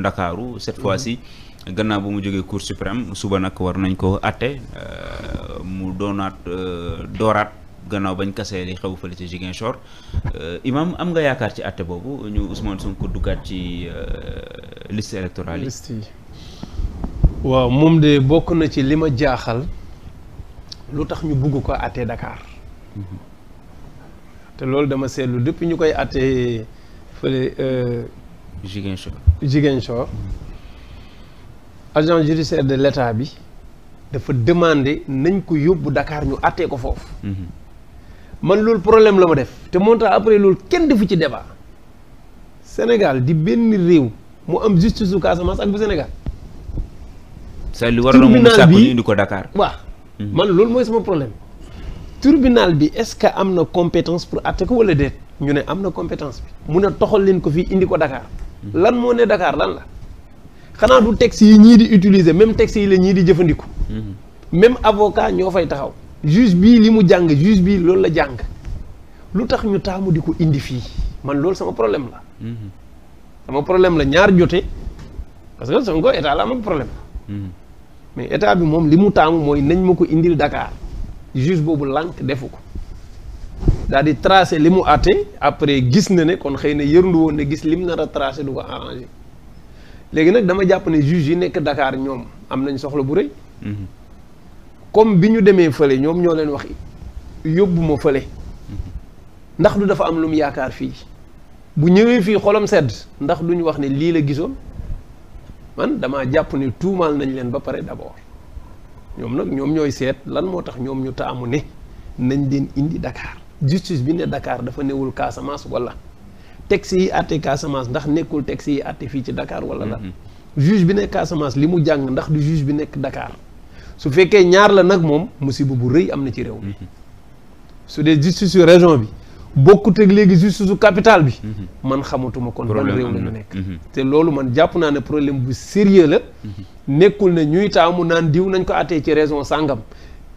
ndakaaru cette mhm. fois si gannaaw bu mu jógee cour suprême suba nag war nañ ko atte euh, mu doonaat euh, dooraat gannaaw bañ kasee li xew fële ci Ziguinchor euh, imam am nga yaakaar ci atte boobu ñu Ousmane ko duggaat ci liste électorale yi waaw moom de bokk na ci li ma jaaxal lu tax ñu bugg ko atte Dakar mhm. te loolu dama seetlu depuis ñu koy atte fële Ziguinchor. Ziguinchor agent judiciaire de l' bi dafa demander nañ ko yóbbu dakaar ñu àttee ko foofu. Mhm. man loolu problème la ma def te moo tax après loolu kenn defu ci débat Sénégal di benn réew mu am justice su Casamance ak bu Sénégal. say li waroon mu sàkk ñu indi ko Dakar. waaw mhm. man loolu mooy sama problème. tribunal bi est-ce que am na compétence pour àtte ko walla déet ñu ne am na compétence bi mu ne toxal leen ko fii indi ko Dakar. lan moo ne dakaar lan la xanaa du tex yi ñii di utiliser même texte yi la ñii di jëfandiku. Mm-hmm. même avocat ñoo fay taxaw. juge bii li mu jàng juge bii loolu la jàng lu tax ñu taamu di ko indi fii man loolu sama problème la. Mm-hmm. sama problème la ñaar jote parce que Sonko état la am ak problème. Mm-hmm. mais état bi moom li mu taamu mooy nañ ma ko indil Dakar juge boobu lànk defu ko. daal di tracé li mu àtte après gis na ne kon xëy na yërndu woon ne gis lim nar a tracé du ko arrangé léegi nag dama jàpp ne juge yi nekk dakaar ñoom am nañ soxla bu rëy. Mhm. comme bi ñu demee fële ñoom ñoo leen wax yóbbu ma fële. Mhm. ndax du dafa am lu mu yaakaar fii bu ñëwee fii xolam sedd ndax duñu wax ne lii la gisoon man damaa jàpp ne tuumaal nañ leen ba pare d'abord ñoom nag ñoom ñooy seet lan moo tax ñoom ñu taamu ne nañ leen indi Dakar. justice bi ne dakaar dafa newul Casamance wala texte yi àtte Casamance ndax nekkul texte yi àtte fii ci dakaar wala la mhm. juge bi nekk Casamance li mu jàng ndax du juge bi nekk Dakar su fekkee ñaar la nag moom musiba bu rëy am na ci réew mi mhm. su dee justice yu région bi bokkut ak léegi justice su capitale bi mhm. man xamatuma kon ban réew la ñu nekk te loolu man jàpp naa ne problème bu sérieux la nekkul ne ñuy taamu naan diw nañ ko àttee ci raison sàngam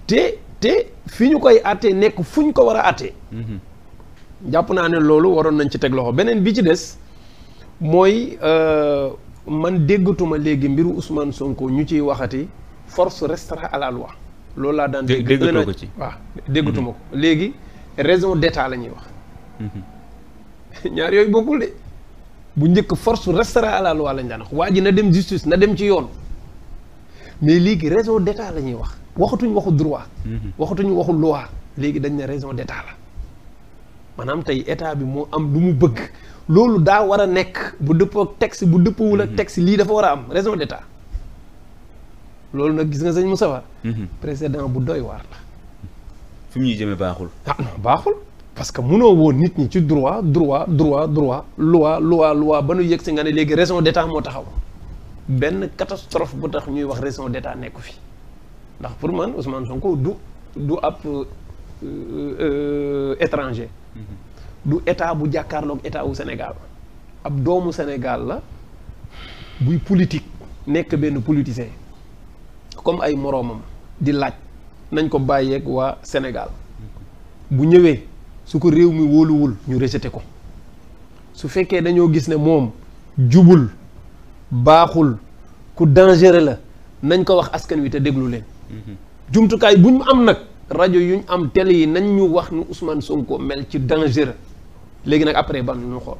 te te fi ñu koy àttee nekk fu ñu ko war a àttee. Mhm. jàpp naa ne loolu waroon nañ ci teg loxo beneen bi ci des mooy euh, man déggatuma léegi mbiru Ousmane Sonko ñu ciy waxati force restera à la loolu laa daan dégg déggatuma ko ci waaw déggatuma mhm. ko léegi raison d'état la ñuy wax. Mhm. ñaar yooyu bokkul de bu njëkk force restera à la loi lañ daan wax waa ji na dem justice na dem ci yoon mais léegi raison d'état la ñuy wax. waxatuñ waxu droit. Mhm. waxatuñu waxu loi léegi dañ ne raison d' état la maanaam tey état bi moo am lu mu bëgg loolu daa war a nekk bu dëppook ak texte bu dëppawul ak mhm. texte lii dafa war a am raison d' état loolu nag gis nga mu Moussa. Mhm. précédent bu doy waar la. fi muy ñuy jëmee baaxul. ah non baaxul parce que mënoo woo nit ñi ci droit droit droit droit loi loi loi ba nu yëg si nga ne léegi raison d' état moo taxaw benn catastrophe bu tax ñuy wax raison d' état nekku fi. ndax pour man Ousmane Sonko du du ab euh, euh, étranger. Mhm. du état bu jàkkaarlook état wu Sénégal ab doomu Sénégal la buy politique nekk benn politicien comme ay moroomam di laaj nañ ko bàyyeeg waa Sénégal bu ñëwee su ko réew mi wóoluwul ñu rejeté ko su fekkee dañoo gis ne moom jubul baaxul ku dangereux la nañ ko wax askan wi te déglu leen. jumtukaay bu ñu am nag rajo yu ñu am tele yi nañ ñu wax nu Ousmane Sonko mel ci danger léegi nag après ban ñu xool.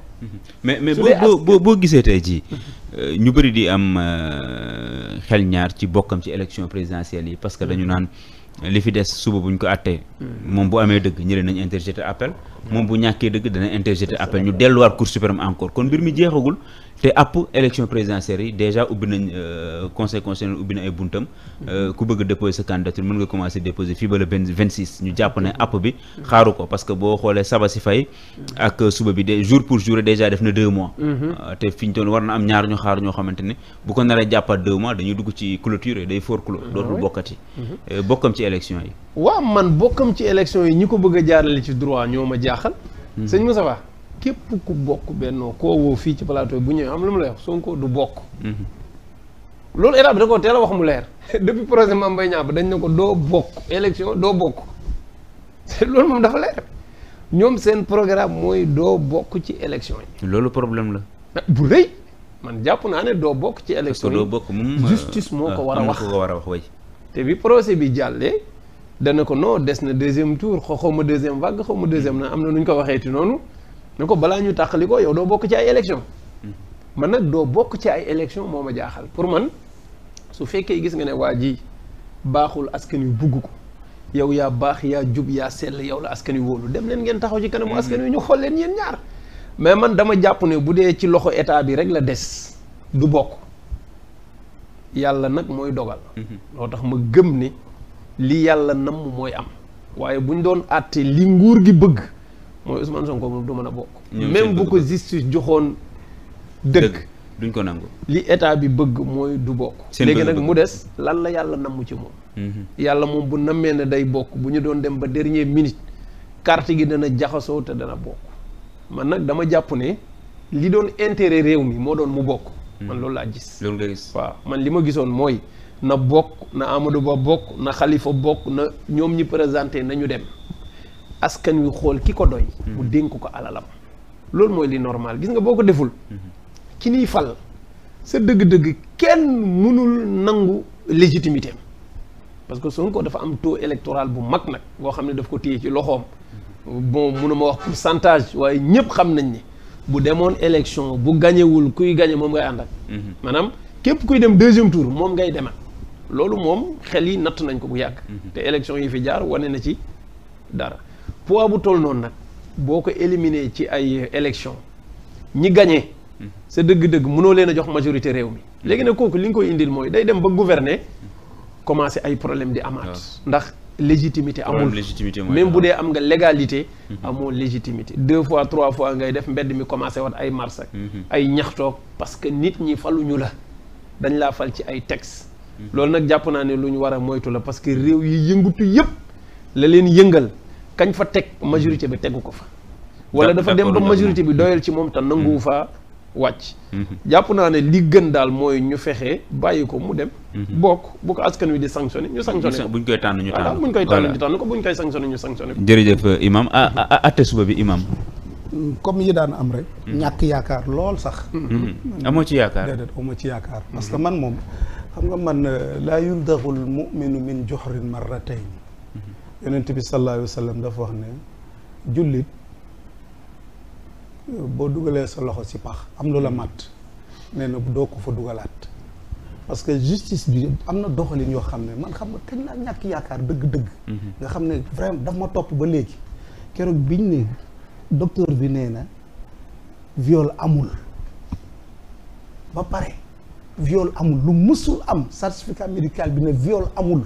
mais mais boo boo boo gisee tey jii euh, ñu bëri di am euh, xel ñaar ci bokkam ci élection présidentielle yi parce que dañu naan. li fi des suba bu ñu ko àttee moom bu amee dëgg ñële nañ interjeté appel moom bu ñàkkee dëgg dana interjeté appel ñu delluwaat cour suprême encore kon mbir mi jeexagul te app élection présidentielle yi déjà ubbi nañ euh, conseil constitutionnel ubbi na ay buntam euh, ku bëgg a déposer sa candidature mën nga commencer déposer fii ba le benn 26 ñu jàpp ne app bi xaaru ko parce que boo xoolee saba si fay ak suba bi de jour pour jour déjà def na deux mois mhm. euh, te fi toon war na am ñaar ñu xaar ñoo xamante ni bu ko naree jàppaat deux mois dañuy dugg ci clôture day for clos ah dootul bokkati mhm. bokkam ci élection yi waaw man bokkam ci élection yi ñi ko bëgg a jaarale ci ñoo ma jaaxal hmm. sëñ Moussa képp ku bokk bennoo koo woo fii ci plateau bu ñëwee am lu mu lay wax sonkoo du bokk. Mhm. loolu état bi da koo a wax mu leer depuis projet Mame Mbaye Niang dañ ne ko doo bokk élection doo loolu moom dafa leer ñoom seen programme mooy doo bokk ci élection yi. loolu problème la. Ah, bu rëy man jàpp naa ne doo bokk ci élection yi doo bokk moom euh, justice moo ko war a ah, wax ko war a wax way te bi procès bi jàllee dana ko noo des na deuxième tour xaw ma deuxième vague xaw ma deuxième na mm. am na nu ñu ko ti noonu. ne ko balaa ñu tàq li ko yow doo bokk ci ay élection mm-hmm. man nag doo bokk ci ay élection moo ma jaaxal pour man su fekkee gis nga ne waa ji baaxul askan wi bugg ko yow yaa baax yaa jub yaa sell yow la askan wi wóolu dem leen ngeen taxaw ci kanamu mm-hmm. askan wi ñu xool leen yéen ñaar mais man dama jàpp ne bu dee ci loxo état bi rek la des du bokk yàlla nag mooy dogal mm-hmm. loo tax ma gëm ne li yàlla namm mooy am waaye bu ñu doon àtte li nguur gi bëgg mooy Ousmane Sonko moom du mën a bokk. même bu ko justice joxoon dëgg. duñ ko nangu. li état bi bëgg mooy du bokk. léegi nag mu des lan la yàlla namm ci moom. Mhm. yàlla moom bu nammee ne day bokk bu ñu doon dem ba dernier minute carte gi dana jaxasoo te dana bokk man nag dama jàpp ne li doon intérêt réew mi moo doon mu bokk. Mhm. man loolu laa gis. loolu nga waaw man li ma gisoon mooy na bokk na Amadou Ba bokk na xalifa bokk na ñoom ñi présenté nañu dem. askan wi xool ki ko doy. mu hmm. dénk ko alalam. loolu mooy li normal gis nga boo ko deful. Hmm. ki niy fal sa dëgg kenn mënul nangu légitimité am parce que Sonko dafa am taux électoral bu mag nag boo xam ne daf ko téye ci loxoom. bon mënuma wax pourcentage waaye ñëpp xam nañ ni bu demoon élection bu gañewul kuy gañe moom ngay ànd hmm. ak. képp kuy dem deuxième tour moom ngay demal. loolu moom xel yi natt nañ ko bu yàgg. te élection yi fi jaar wane na ci dara. poids bu toll noonu nag boo ko éliminer ci ay élection ñi gagné. Mm-hmm. sa dëgg-dëgg munoo leen a jox majorité réew mi. Mm-hmm. léegi nag kooku li nga koy indil mooy day dem ba gouverner mm-hmm. commencé ay problème di amaat. Ah. ndax légitimité amul légitimité même bu dee am nga légalité. amoo légitimité. deux fois trois fois ngay def mbedd mi commencé wat ay mars ak ay ñaxtoog parce que nit ñi faluñu la dañ laa fal ci ay texte loolu nag jàpp naa ne lu ñu war a moytu la parce que réew yi yëngutu yëpp la leen yëngal. kañ fa teg majorité bi tegu ko fa. wala dafa dem ba majorité bi doyal ci moom te nanguwu mm-hmm. faa wàcc. Mm-hmm. jàpp naa ne li gën daal mooy ñu fexe bàyyi ko mu dem. Mm-hmm. bokk bu ko askan wi di sanctionné ñu sanctionné ko. buñ koy tànn ñu tànn ko buñ koy tànn ñu tànn ko buñ koy sanctionné ñu sanctionné ko. jërëjëf euh, imam a ah, ah, ah, atte suba bi imam comme yi daan am rek. ñàkk yaakaar lool sax. amoo ci yaakaar déedéet amoo ci yaakaar. parce que man moom xam nga man euh, laa yuldaxul muminu min joxrin marratayn yonent bi sallallahu alayhi wa sallam dafa wax ne jullit boo dugalee sa loxo ci pax am lu la matt nee na doo ko fa dugalaat parce que justice bi am na doxalin yoo xam ne man xam nga kañ laa ñàkk yaakaar dëgg-dëgg. Mhm. nga xam ne vraiment daf ma topp ba léegi keroog biñ ne docteur bi nee na viol amul ba pare viol amul lu mësul am certificat médical bi ne viol amul.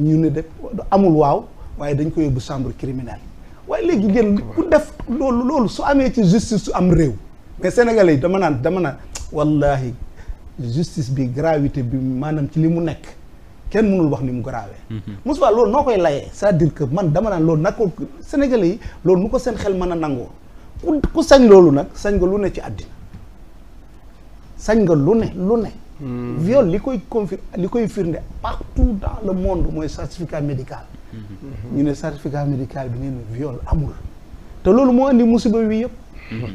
ñu ne def amul waaw waaye dañ koy yóbbu chambre criminelle waaye léegi ngeen ku def loolu loolu su amee ci justice su am réew mais sénégalais yi dama naan dama naan wallahi justice bi gravité bi maanaam ci li mu nekk kenn mënul wax ni mu grave mhm. Moussa loolu noo koy layee c'est-à-dire que man dama naan loolu nag ko sénégalais yi loolu nu ko seen xel mën a nangoo ku sañ loolu nag sañ nga lu ne ci àddina sañ nga lu ne lu ne mhm. li koy confir li koy firnde tout dans le monde mooy certificat médical mhm. ñu ne certificat médical bi nee na viol amul te loolu moo indi musiba wi yëpp mhm.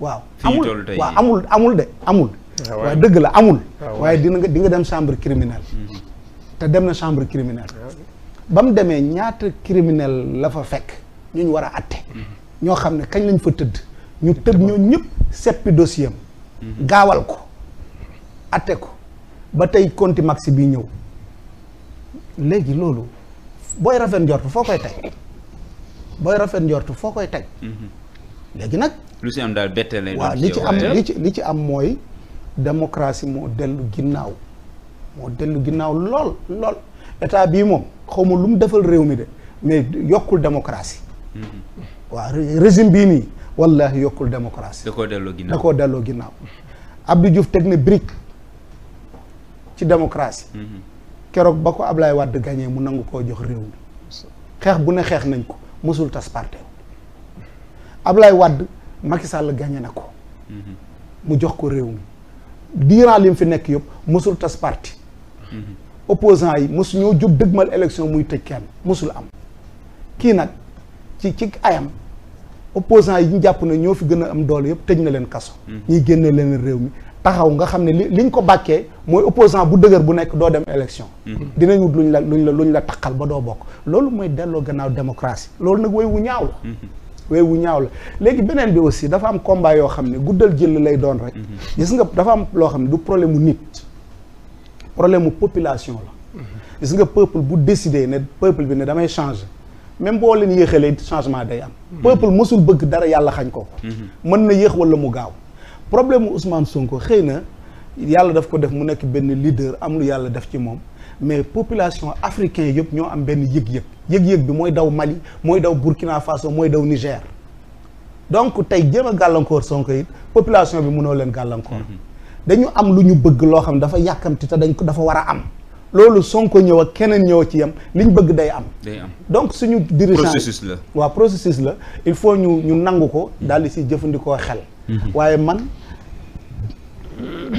waaw amul waaw amul amul de amul ah waaye dëgg la amul ah waaye dina nga di nga dem chambre criminelle mhm. te dem na chambre criminelle ba mu demee ñaata criminel la fa fekk ñu ñu war a atte ñoo xam ne kañ lañ fa tëdd ñu tëb ñoo ñëpp seppi dossier gaawal ko atte ko ba tey conti maxi bi ñëw léegi loolu booy rafet njort foo koy teg booy rafet njort foo koy teg. Mm-hmm. léegi nag. lu ci am daal waaw li ci am li ci li ci am mooy démocratie moo dellu ginnaaw moo dellu ginnaaw lool lool état bii moom xaw ma lu mu defal réew mi de mais yokkul démocratie. Mm-hmm. waaw régime bii nii wallahi yokkul démocratie. da koo delloo ginnaaw da koo delloo ginnaaw. Abdou Diouf teg na brique ci démocratie. Mm-hmm. keroog ba ko Ablaye Wade gagné mu nangu koo jox réew mi xeex bu ne xeex nañ ko mosul tas parti Ablaye Wade Macky Sall gagné na ko mhm. mu jox ko réew mi diirant li mu fi nekk yëpp mosul tas parti mhm. opposant yi mosu ñoo jóg dëgmal élection muy tëj kenn mosul am kii nag ci ci ayam opposant yi ñu jàpp na ñoo fi gën a am doole yëpp tëj na leen kaso mhm. ñuy génne leen réew mi taxaw nga xam ne li liñ ko bàkkee mooy opposant bu dëgër bu nekk doo dem élection mhm. dinañ wut luñ la luñ la luñ la taqal ba doo bokk loolu mooy delloo gannaaw démocratie loolu nag way wu ñaaw la mhm. wu ñaaw la léegi beneen bi aussi dafa am combat yoo xam ne guddal jël lay doon rek mhm. gis nga dafa am loo xam ne du problème mu nit problème mu population la gis nga peuple bu décidé ne peuple bi ne damay changer même boo leen yéexalee changement day am peuple masul bëgg dara yàlla xañ ko mën na yéex wala mu gaaw problème mu Ousmane Sonko xëy na yàlla daf ko def mu nekk benn leader am lu yàlla def ci moom mais population africaine yëpp ñoo am benn yëg-yëg yëg-yëg bi mooy daw Mali mooy daw Burkina Faso mooy daw Niger donc tey jéem gàllankoor Sonko yi population bi munoo leen gàllankoor. Mhm. dañu am lu ñu bëgg loo xam dafa yàkkamti te dañ ko dafa war a am. loolu Sonko ñëw keneen ñëw ci yam li ñu bëgg day am. day donc suñu. dirigeant processus la. waaw processus la il faut ñu ñu nangu ko daal di si jëfandikoo xel. Mhm.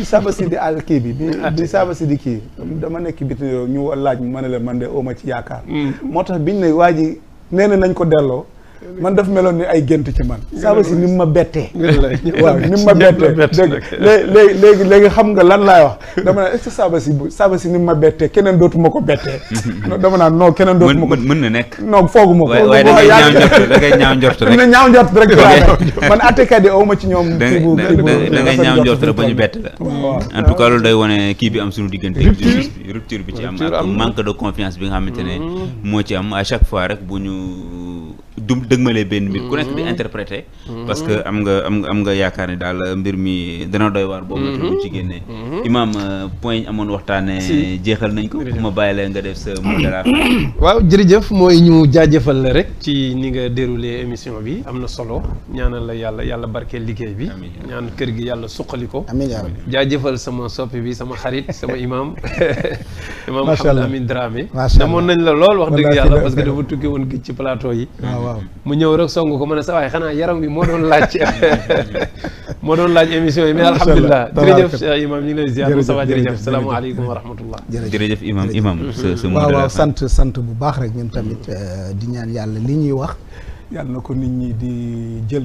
Samba Sidi àll kii bi bi saaba si di kii dama nekk biti ñu laaj ma ne la man de ooma ci yaakaar mm. moo tax biñ ne waa ji nee na nañ ko delloo man daf meloon ni ay gént ci man saa si ni ma bettee waaw ni mu ma bettee xam nga lan laay wax dama naan est-ce ba si bu saa si ni ma bettee keneen dootu ma ko bettee dama naan non keneen dootu ma ko mën na nekk non foogu ma ko waaye da ngay ñaaw njort da ngay ñaaw njort rek na man attekat yi aw ma ci ñoom da ngay ñaaw njort rek ba ñu bett la en tout cas loolu day wone kii bi am suñu diggante rupture bi ci am ak manque de confiance bi nga xamante ne mm-hmm. moo ci am à chaque fois rek bu ñu du dëgmalee benn mbir ku nekk di mm-hmm. interpréter. Mm-hmm. parce que am nga am am nga yaakaar ne daal mbir mi dana doy waar. boobu nag mm-hmm. bu ci génnee. imaam euh, point amoon waxtaanee. jeexal nañ ko pour ma bàyyi la nga de la fin. waaw jërëjëf mooy ñu jaajëfal rek. ci ni nga déroulé émission bi am na solo ñaanal la yàlla yàlla barkeel liggéey bi. ñaan kër gi yàlla suqali ko. amiin jaajëfal sama soppi bi sama xarit sama imaam. imaam Hamad Amin Dramé. macha allah namoon nañ la lool wax dëgg yàlla parce que dafa tukki woon ci plateau yi. waaw mu ñëw rek song ko mën a sa waay xanaa yaram bi moo doon laaj moo doon laaj émission yi mais alhamdulilah jërëjëf imam ñu ngi lay ziar sa waa jërëjëf salaamaaleykum wa rahmatullah jërëjëf imam imam waaw waaw sant sant bu baax rek ñun tamit euh, di ñaan yàlla li ñuy wax yàlla na ko nit ñi di jël